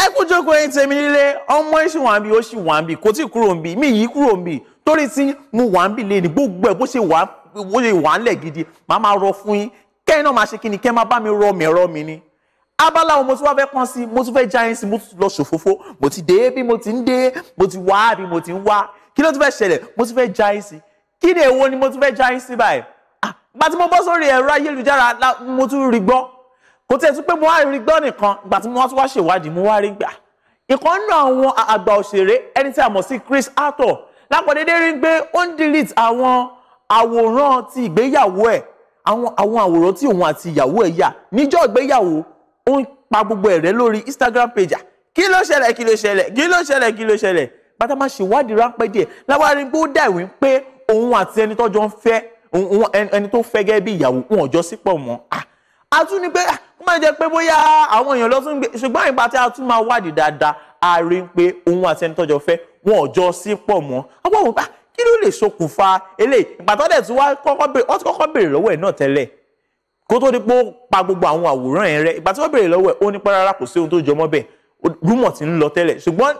ẹ kú jókòó yín tèmi nílé ọmọ yín sì wà ń bí ó sì wà ń bí kò tí kúrò ń bí mi yìí kúrò ń bí torí tí mo wà ń bí lé ní gbogbo ẹ bó ṣe wà bó ṣe wà ńlẹ̀ gidi màá máa rọ fún yín kẹ́yìn náà máa ṣe kí ni kẹ́ máa bá mi rọ mi rọ mi ni. abala wo mo tún wá fẹ́ pọ́n sí mo tún fẹ́ já yín sí mo tún lọ ṣòfófó mo ti dé bí mo ti ń dé mo ti wá bí mo ti ń wá kí ló tún fẹ́ ṣẹlẹ̀ mo tún fẹ́ já yín sí kí ni èwo ni mo tún fẹ́ já yín sí báyìí. Ah, bàtí mo bọ́ sórí ẹ̀rọ ayélujára mo tún rí gbọ́ kò tẹ̀ tún pé mo wá rí gbọ́ nìkan ìgbà tí mo wá tún wá ṣèwádìí mo wá rí gbà ìkan náà àwọn àgbà òṣèré ẹni tí a mọ̀ sí Chris Arthur lápọ̀dédé rí pé ó ń delete àwọn àwòrán ti ìgbéyàwó ẹ̀ àwọn àwọn àwòrán tí òun àti ìyàwó ẹ̀ yà níjọ́ ìgbéyàwó ó ń pa gbogbo ẹ̀rẹ́ lórí Instagram page kí ló ṣẹlẹ̀ kí ló ṣẹlẹ̀ kí ló ṣẹlẹ̀ kí ló ṣẹlẹ̀ bàtà máa ṣèwádìí ráńpẹ́ díẹ̀ láwa rí pé ó dà wí pé òun àti ẹni tó jọ ń fẹ́ ẹni tó fẹ́ gẹ́gẹ́ bí ìyàwó wọn ò sípò mọ́ a tún ní pé má jẹ́ pé bóyá àwọn èèyàn lọ tún gbé ṣùgbọ́n ìgbà tí a tún máa wádìí dáadáa a rí i pé òun àti ẹni tọ́jọ́ fẹ́ wọn ò jọ sí pọ̀ mọ́ àwọn òun bá kí ló lè ṣokùnfà eléyìí ìgbà tó dẹ̀ tí wọ́n ti kọ́kọ́ béèrè lọ́wọ́ ẹ̀ náà tẹ́lẹ̀ kó tó di pé ó pa gbogbo àwọn àwòrán ẹ̀ rẹ̀ ìgbà tí wọ́n béèrè lọ́wọ́ ẹ̀ ó ní pẹ́ rárá kò sí ohun tó jọmọ́ bẹ́ẹ̀ rúmọ̀ ti ń lọ tẹ́lẹ̀ ṣùgbọ́n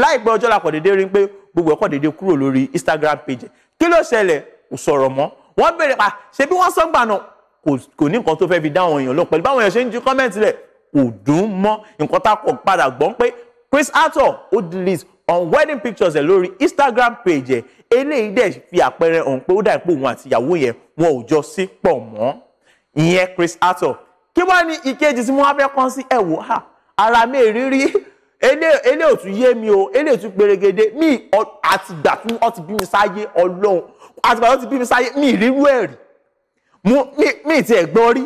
láìpẹ́ ọjọ́ la rí pé gbogbo ẹ̀kọ́ kúrò lórí Instagram page kí ló ṣẹlẹ̀ kò sọ̀rọ̀ mọ́ wọ́n béèrè pa ah, ṣebí wọ́n sọ gbà náà kò ní nǹkan tó fẹ́ fi dá àwọn èèyàn lọ pẹ̀lú báwọn èèyàn ṣe ń ju kọ́mẹ́ǹtì rẹ̀ kò dùn mọ́ nǹkan tá a kọ̀ padà gbọ́n pé Chris Arthur ó delete on wedding pictures ẹ̀ lórí Instagram page ẹ̀ eléyìí dẹ̀ fi àpẹẹrẹ hàn pé ó dà pé òun àti ìyàwó yẹn wọn ò jọ sí pọ̀ mọ́ ìyẹn Chris Arthur kí wá ní ìkejì tí mo wá fẹ́ kàn sí ẹ̀ wò á ara mi rírí ele ò tún yé mi o ele ò tún pèrègede mi àtìgbà tí wọ́n ti bí mi sáyé ọlọ́run àtìgbà tí wọ́n ti bí mi sáyé mi ìrírú ẹ̀rí mi ì tiẹ̀ gbọ́ rí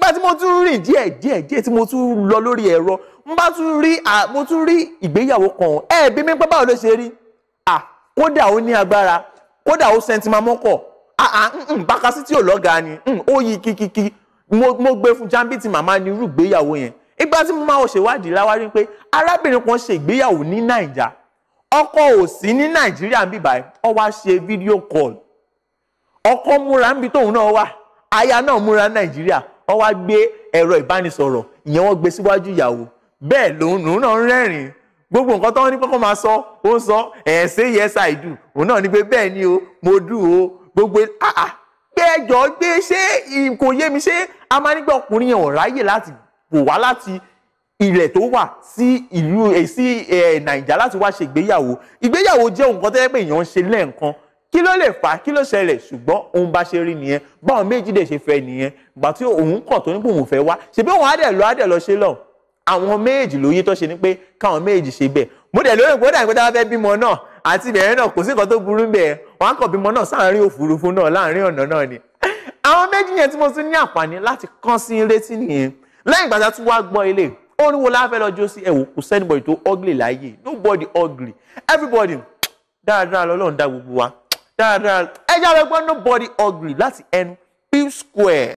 bá tí mo tún rìn díẹ̀ díẹ̀ díẹ̀ tí mo tún lọ lórí ẹ̀rọ mo bá tún rí mo tún rí ìgbéyàwó kan ẹ bí mi pẹ́ báwo ló ṣe rí à kódà ó ní agbára kódà ó sẹntimamọ́kọ̀ àà bákasí tí ò lọ́gàá ni ó yí kíkíkí mo gbé fún jambiti màmá ni irú ìgbéyàwó yẹn ìgbà tí mo máa ṣèwádìí láwárí pé arábìnrin kan ṣe ìgbéyàwó ní nàìjà ọkọ ò sí ní nàìjíríà bíbáyìí ó wá ṣe fídíò kọ́ọ̀lù ọkọ múra níbi tóun náà wà aya náà múra nàìjíríà wọ́n wá gbé ẹ̀rọ ìbánisọ̀rọ̀ ìyẹn wọ́n gbé síwájú ìyàwó bẹ́ẹ̀ lòun náà ń rẹ́rìn gbogbo nǹkan tó ń ní kọ́kọ́ máa sọ ó ń sọ ẹ̀ ṣe yes I do òun náà ní pé bẹ́ẹ̀ ni o mo dù o gbogbo àà gbẹ́jọ́ gbé ṣé kò yé mi ṣé a máa nígbà ọkùnrin yẹn ò ráyè láti kò wá láti ilẹ̀ tó wà sí ìlú eh, sí eh, nàìjà láti wá ṣe ìgbéyàwó ìgbéyàwó jẹ́ nǹkan tó pé èèyàn ń ṣe lẹ́ẹ̀kan kí ló lè fà á kí ló ṣẹlẹ̀ ṣùgbọ́n òun bá ṣe rí nìyẹn báwọn méjì dẹ̀ ṣe fẹ́ nìyẹn ìgbà tí òun kàn tó nípò òun fẹ́ wá ṣèbí òun á dẹ̀ lọ á dẹ̀ lọ ṣe lọ àwọn méjì ló yí tó ṣe ni pé káwọn méjì ṣe bẹ́ẹ̀ mo dẹ̀ lóyún pé ó dàgbé tá a fẹ́ bímọ náà àti ìbẹ̀rẹ̀ náà kò sí nǹkan tó burú bẹ́ẹ̀ wọn á kàn bímọ náà sáàárín òfurufú náà láàárín ọ̀nà náà ni àwọn méjì yẹn tí mo tún ní àǹfààní láti kán sí létí nìyẹn lẹ́yìn ìgbà tá a tún wá gbọ́ ilé orin wo láfẹ́ lọ jó sí ẹ̀wò kò sẹ́nibọ̀dì tó ugly láyé nobody ugly everybody dáadáa lọ́lọ́run dá gbogbo wa dáadáa ẹ jáwé gbọ́ nobody ugly láti ẹnu P Square.